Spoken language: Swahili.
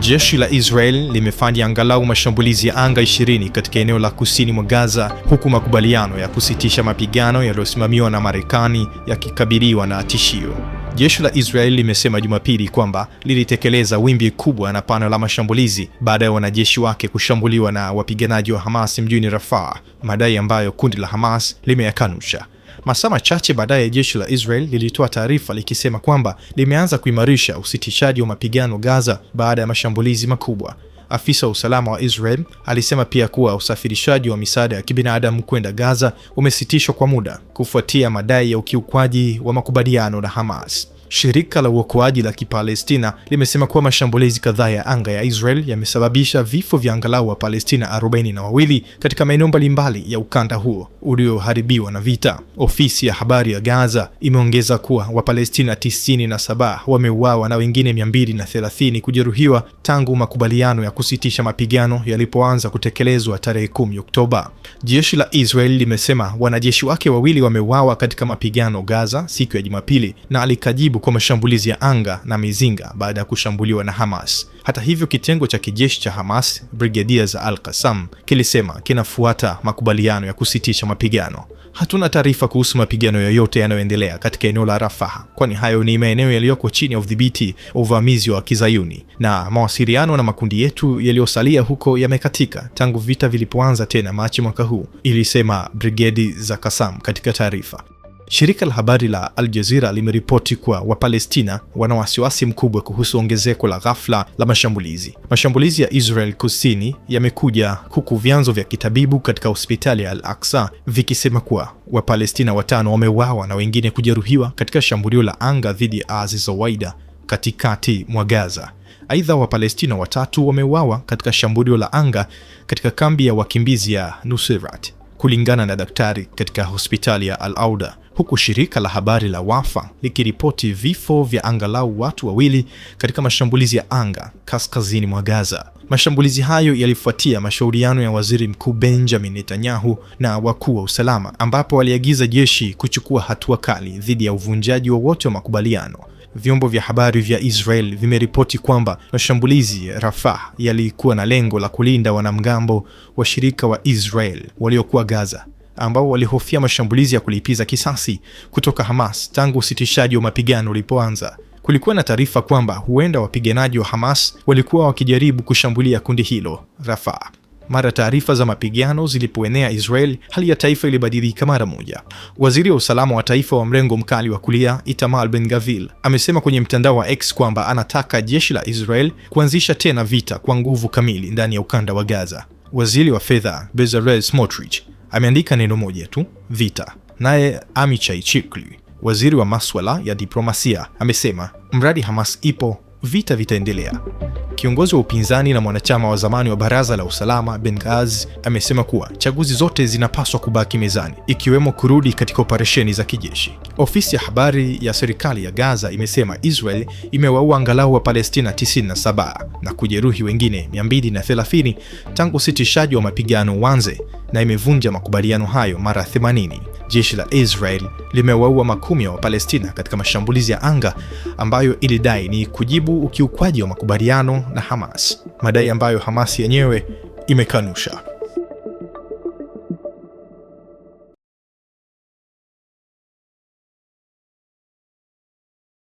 Jeshi la Israel limefanya angalau mashambulizi ya anga 20 katika eneo la kusini mwa Gaza huku makubaliano ya kusitisha mapigano yaliyosimamiwa na Marekani yakikabiliwa na tishio. Jeshi la Israel limesema Jumapili kwamba lilitekeleza wimbi kubwa na pana la mashambulizi baada ya wanajeshi wake kushambuliwa na wapiganaji wa Hamas mjini Rafah, madai ambayo kundi la Hamas limeyakanusha. Masaa machache baadaye jeshi la Israel lilitoa taarifa likisema kwamba limeanza kuimarisha usitishaji wa mapigano Gaza baada ya mashambulizi makubwa. Afisa wa usalama wa Israel alisema pia kuwa usafirishaji wa misaada ya kibinadamu kwenda Gaza umesitishwa kwa muda kufuatia madai ya ukiukwaji wa makubaliano na Hamas. Shirika la uokoaji la Kipalestina limesema kuwa mashambulizi kadhaa ya anga ya Israel yamesababisha vifo vya angalau wa Palestina arobaini na wawili katika maeneo mbalimbali ya ukanda huo ulioharibiwa na vita. Ofisi ya habari ya Gaza imeongeza kuwa Wapalestina tisini na saba wameuawa na wengine mia mbili na thelathini kujeruhiwa tangu makubaliano ya kusitisha mapigano yalipoanza kutekelezwa tarehe 10 Oktoba. Jeshi la Israel limesema wanajeshi wake wawili wameuawa katika mapigano Gaza siku ya Jumapili na alikajibu kwa mashambulizi ya anga na mizinga baada ya kushambuliwa na Hamas. Hata hivyo, kitengo cha kijeshi cha Hamas, Brigedia za Al-Qassam, kilisema kinafuata makubaliano ya kusitisha mapigano. Hatuna taarifa kuhusu mapigano yoyote yanayoendelea katika eneo la Rafaha, kwani hayo ni maeneo yaliyoko chini ya udhibiti wa uvamizi wa Kizayuni, na mawasiliano na makundi yetu yaliyosalia huko yamekatika tangu vita vilipoanza tena Machi mwaka huu, ilisema Brigedi za Kasam katika taarifa. Shirika la habari la Al Jazeera limeripoti kuwa Wapalestina wana wasiwasi mkubwa kuhusu ongezeko la ghafla la mashambulizi. Mashambulizi ya Israel kusini yamekuja huku vyanzo vya kitabibu katika hospitali ya Al-Aqsa vikisema kuwa Wapalestina watano wameuawa na wengine kujeruhiwa katika shambulio la anga dhidi ya Azi zawaida katikati mwa Gaza. Aidha, Wapalestina watatu wameuawa katika shambulio la anga katika kambi ya wakimbizi ya Nuseirat, kulingana na daktari katika hospitali ya Al-Auda huku shirika la habari la Wafa likiripoti vifo vya angalau watu wawili katika mashambulizi ya anga kaskazini mwa Gaza. Mashambulizi hayo yalifuatia mashauriano ya Waziri Mkuu Benjamin Netanyahu na wakuu wa usalama, ambapo waliagiza jeshi kuchukua hatua kali dhidi ya uvunjaji wowote wa makubaliano. Vyombo vya habari vya Israel vimeripoti kwamba mashambulizi Rafah yalikuwa na lengo la kulinda wanamgambo washirika wa Israel waliokuwa Gaza ambao walihofia mashambulizi ya kulipiza kisasi kutoka Hamas tangu usitishaji wa mapigano ulipoanza. Kulikuwa na taarifa kwamba huenda wapiganaji wa Hamas walikuwa wakijaribu kushambulia kundi hilo Rafah. Mara taarifa za mapigano zilipoenea Israel, hali ya taifa ilibadilika mara moja. Waziri wa usalama wa taifa wa mrengo mkali wa kulia Itamar Ben Gavil amesema kwenye mtandao wa X kwamba anataka jeshi la Israel kuanzisha tena vita kwa nguvu kamili ndani ya ukanda wa Gaza. Waziri wa fedha Bezalel Smotrich ameandika neno moja tu, vita. Naye Amichai Chikli, waziri wa maswala ya diplomasia, amesema mradi Hamas ipo vita vitaendelea. Kiongozi wa upinzani na mwanachama wa zamani wa baraza la usalama Ben Gaz amesema kuwa chaguzi zote zinapaswa kubaki mezani, ikiwemo kurudi katika operesheni za kijeshi. Ofisi ya habari ya serikali ya Gaza imesema Israel imewaua angalau wa Palestina 97 na kujeruhi wengine 230 tangu usitishaji wa mapigano uanze, na imevunja makubaliano hayo mara 80 jeshi la Israel limewaua makumi ya Wapalestina katika mashambulizi ya anga ambayo ilidai ni kujibu ukiukwaji wa makubaliano na Hamas, madai ambayo Hamas yenyewe imekanusha.